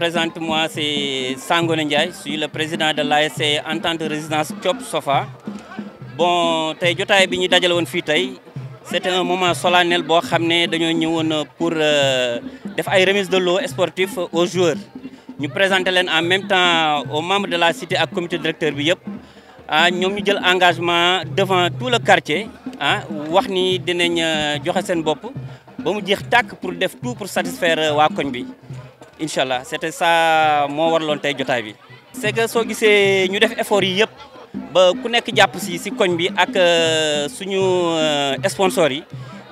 présente mois c'est Sangone Ndiaye, je suis le président de l'ASC Entente Résidence Chop Sofa. Bon, tey jotaay bi ñu dajale woon fii tey c'était un moment solennel boo xam ne dañoo ñëwoon pour euh, def ay remise de lots sportifs au joueurs. ñu présente leen en même temps au membre de la cité ak comité directeur bi yëpp ah ñoom ñu jël engagement devant tout le quartier ah wax ni dinañ euh, joxe seen bopp ba mu jeex tàkk pour def tout pour satisfaire euh, waa koñ bi. incha allah c'était ça moo loon tey jotaay bi. c'est que soo gisee ñu def effort yi yëpp ba ku nekk jàpp si si koñ bi ak euh, suñu euh, sponsors yi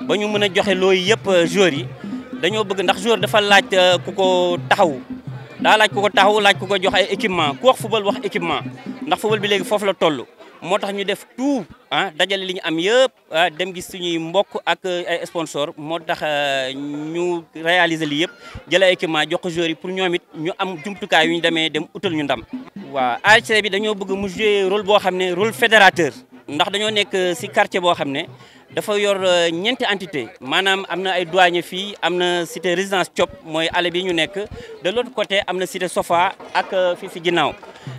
ba ñu mën a joxe looyu yëpp euh, joueurs yi dañoo bëgg ndax joueur dafa laaj ku ko taxawu daa laaj ku ko taxaw laaj ku ko jox ay équipement ku wax football wax équipement ndax football bi léegi foofu la toll. moo tax ñu def tout ah dajale li ñu am yëpp ah, dem gis suñuy mbokk ak ay eh, sponsor moo tax eh, ñu réaliser li yëpp jël ay équipement jox ko joueurs yi pour ñoom it ñu am jumtukaay yu ñu demee dem utal ñu ndam. waaw ASC bi dañoo bëgg mu jouer rôle boo xam ne rôle fédérateur ndax dañoo nekk eh, si quartier boo xam ne dafa yor ñeenti entité maanaam am na ay douanier fii am na cité résidence Thiop mooy àll bi ñu nekk de l'autre côté am na cité Sofa ak fii si ginnaaw.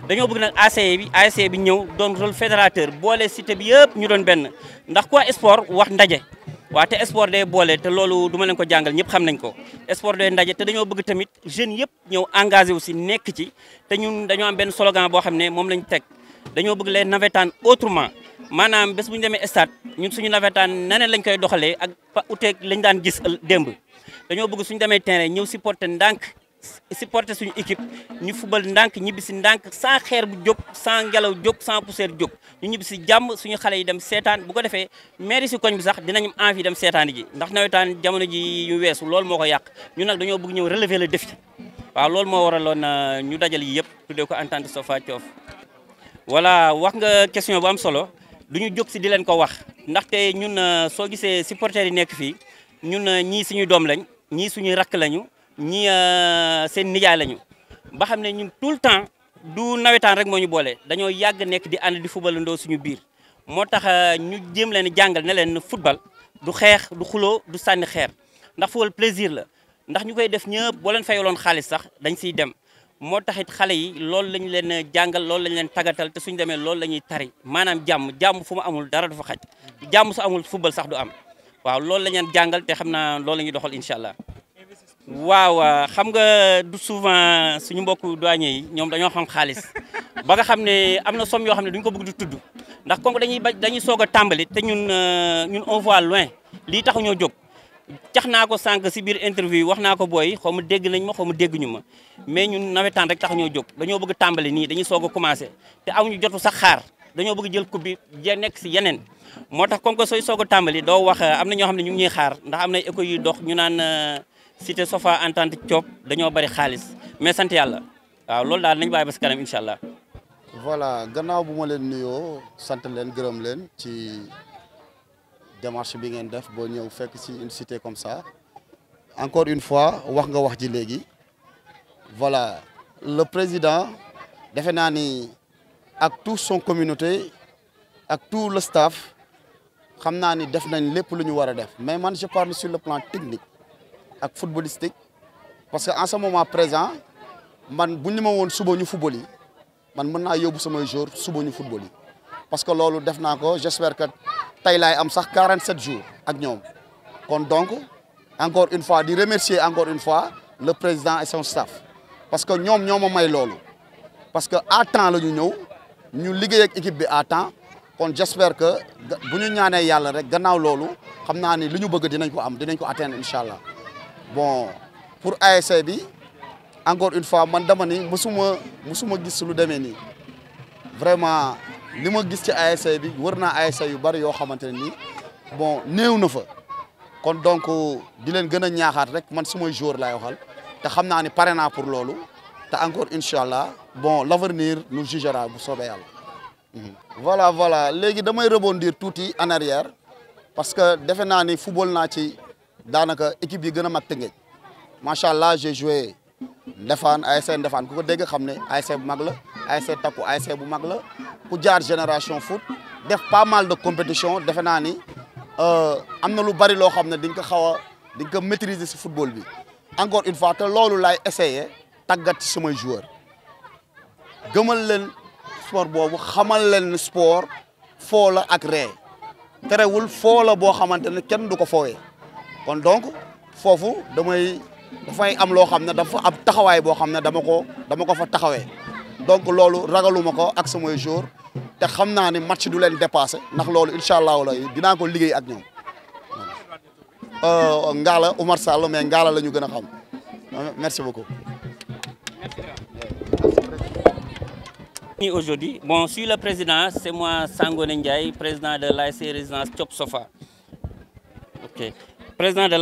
dañoo bëgg nag ASC bi ASC bi ñëw doon rôle fédérateur boole cité bi yëpp ñu doon benn ndax quoi sport wax ndaje waaw te sport day boole te loolu duma leen ko jàngal ñëpp xam nañ ko sport day ndaje te dañoo bëgg tamit jeunes yëpp ñëw engagé wu si nekk ci te ñun dañoo am benn slogan boo xam ne moom lañ teg dañoo bëgg leen navétane autrement maanaam bés bu ñu demee stade ñun suñu navétane naneen lañ koy doxalee ak pa uteeg lañ daan gis démb dañoo bëgg suñu demee terrain ñëw supporter ndànk supporter suñu équipe ñu fubal ndànk ñibbi si ndànk sans xeer bu jóg sans ngelaw jóg sans poussière jóg ñu ñibbi si jàmm suñu xale yi dem seetaan bu ko defee mairie si koñ bi sax dinañu envie dem seetaan ji ndax nawetaan jamono ji yu weesu loolu moo ko yàq ñu nag dañoo bëgg ñëw relever le défi waaw loolu moo waraloon euh, ñu dajal yi yëpp tuddee ko entente Sofa Coof voilà wax nga question bu am solo du ñu jóg si di leen ko wax ndaxte ñun euh, soo gisee supporters yi nekk fii ñun euh, ñii suñu doom lañ ñii suñuy rakk lañu ñi euh, seen nijaay lañu ba xam ne ñun tout le temps du nawetaan rek moo ñu boole dañoo yàgg nekk di ànd di footballandoo suñu biir moo tax euh, ñu jëm leen jàngal ne leen football du xeex du xuloo du sànni xeer ndax football plaisir la ndax ñu koy def ñëpp boo leen fayaloon xaalis sax dañ siy dem moo taxit xale yi loolu lañ leen jàngal lool lañ leen tagatal te suñ demee loolu la ñuy tari maanaam jàmm jàmm fu mu amul dara du fa xaj jàmm su amul football sax du am waaw loolu lañ leen jàngal te xam naa loolu waaw xam nga du souvent suñu mbokku douanier yi ñoom dañoo xam xaalis ba nga xam ne am na somme yoo xam ne duñ ko bëgg di tudd ndax comme dañuy ba dañuy soog a tàmbali te ñun euh, ñun on voit loin lii taxu ñoo jóg. cax naa ko sànq si biir interview wax naa ko booy xaw ma dégg nañ ma xaw ma dégg ñu ma mais ñun nawetaan rek tax ñoo jóg dañoo bëgg tàmbali nii dañuy soog a commencé te amuñu jotu sax xaar dañoo bëgg jël coupe bi je nekk si yeneen. moo tax comme sooy soog tàmbali doo wax am na ñoo xam ne ñu ngi ñuy xaar ndax am na écho yu dox ñu naan. Euh, cité Sofa entente Diop dañoo bari xaalis mais sant yàlla waaw loolu daal nañ bàyyi ba si kanam incha allah. voilà gannaaw bu ma leen nuyoo sant leen gërëm leen ci démarche bi ngeen def boo ñëw fekk si une cité comme ça encore une fois wax nga wax ji léegi voilà le président defe naa ni ak tout son communauté ak tout le staff xam naa ni def nañ lépp lu ñu war a def mais man je parle sur le plan technique. ak footballistique parce que en ce moment présent man bu ñu ma woon suba ñu football yi man mën naa yóbbu samay jour suba ñu football yi parce que loolu def naa ko j'espère que tey am sax quarante 47 jours ak ñoom kon donc encore une fois di remercier encore une fois le président et son staff parce que ñoom ñoo ma may loolu parce que à temps la ñu ñëw ñu liggéey ak équipe bi à temps kon j'espère que bu ñu ñaanee yàlla rek gannaaw loolu xam naa ni li ñu bëgg dinañ ko am dinañ ko atteindre incha allah. bon pour ASC bi encore une fois man dama ni musuma musuma gis lu demee nii vraiment li ma gis ci ASC bi wër naa ASC yu bari yoo xamante ne nii bon néew na fa kon donc di leen gën a ñaaxaat rek man suma jour la waxal te xam naa ni pare naa pour loolu te encore incha allah bon l' avenir nous jugera bu soobee yàlla. Mhm. voilà voilà léegi damay rebondir tuuti en arrière parce que defe naa football naa ci. daanaka équipe yi gën a mag Tëngéej macha allah j'ai joué Ndefaan ASC Ndefaan ku ko dégg xam ne ASC bu mag la ASC takku ASC bu mag la ku jaar génération foot def pas mal de compétition defe naa ni euh, am na lu bari loo xam ne di nga ko xaw a di nga ko si football bi encore une fois te loolu laay essayer tàggat ci samay joueur gëmal leen sport boobu xamal leen sport foo la ak ree terewul foo la boo xamante ne kenn du ko foowee kon donc foofu damay fay am loo xam ne dafa ab taxawaay boo xam ne dama ko dama ko fa taxawee donc loolu ragaluma ko ak samay jour te xam naa ne match du leen dépassé ndax loolu incha allahu lay dinaa ko liggéey ak ñoom euh, Ngalla Oumar Sall mais Ngalla la gën a xam merci beaucoup. Aujourd'hui, bon, président, c'est Sango Ndiaye, président de l'AIC Résidence président de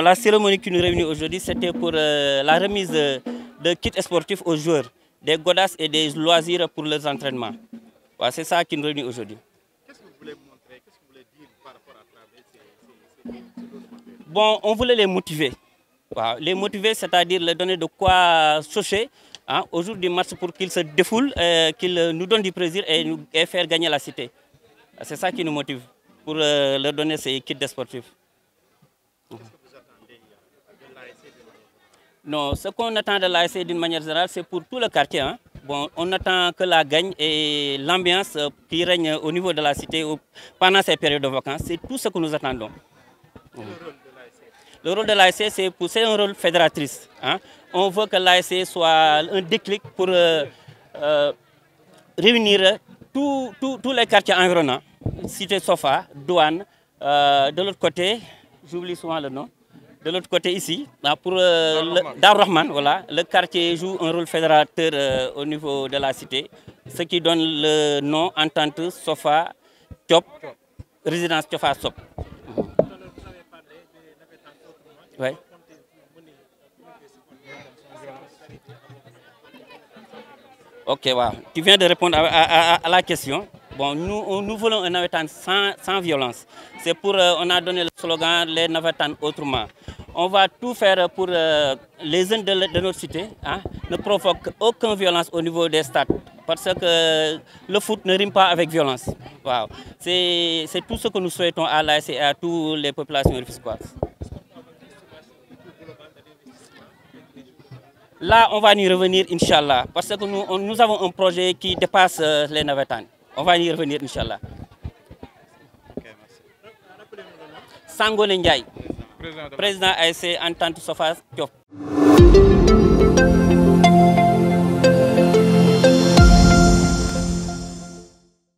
la cérémonie qui nous réunit aujourd'hui, c'était pour euh, la remise de, de, kits sportifs aux des godasses et des loisirs pour leurs entraînements. Voilà, c'est ça qui nous réunit aujourd'hui. que vous voulez Bon, on voulait les motiver. les motiver, c'est-à-dire leur donner de quoi chercher hein, au jour du pour qu'ils se défoulent, euh, qu'ils nous donnent du plaisir et, nous, faire gagner la cité. C'est ça qui nous motive. pour euh, leur donner ces kits sportifs. Mhm. Non, ce qu'on attend de l'ASC d'une manière générale, c'est pour tout le quartier. Hein. on attend que la gagne et l'ambiance euh, qui règne au niveau de la cité pendant ces périodes de vacances, c'est tout ce que nous attendons. Le rôle de Le rôle c'est un rôle fédératrice. On veut que l'ASC soit un déclic pour euh, réunir tous les quartiers environnants. Cité Sofa, Douane. Euh, de l'autre côté, j'oublie le nom. De l'autre côté ici, ah, euh, là, un rôle fédérateur euh, au niveau de la cité, ce qui donne le nom entente Sofa Chop, résidence Sofa Sop. Ok, wow. tu viens de répondre à, la question. Bon, nous, voulons un navetan sans, sans violence. C'est pour, euh, on a donné le slogan les navetans autrement. On va tout faire pour euh, les jeunes de, de, notre cité ne provoquent aucune violence au niveau des stades. Parce que euh, le foot ne rime pas avec violence. Wow. C'est tout ce que nous souhaitons à l'AS et à toutes les populations rufiscoises. Là, on va y revenir, Inch'Allah, parce que nous, on, nous avons un projet qui dépasse euh, les navetans. on va y revenir incha allah. Ndiaye président ASC Entente Sofa Diop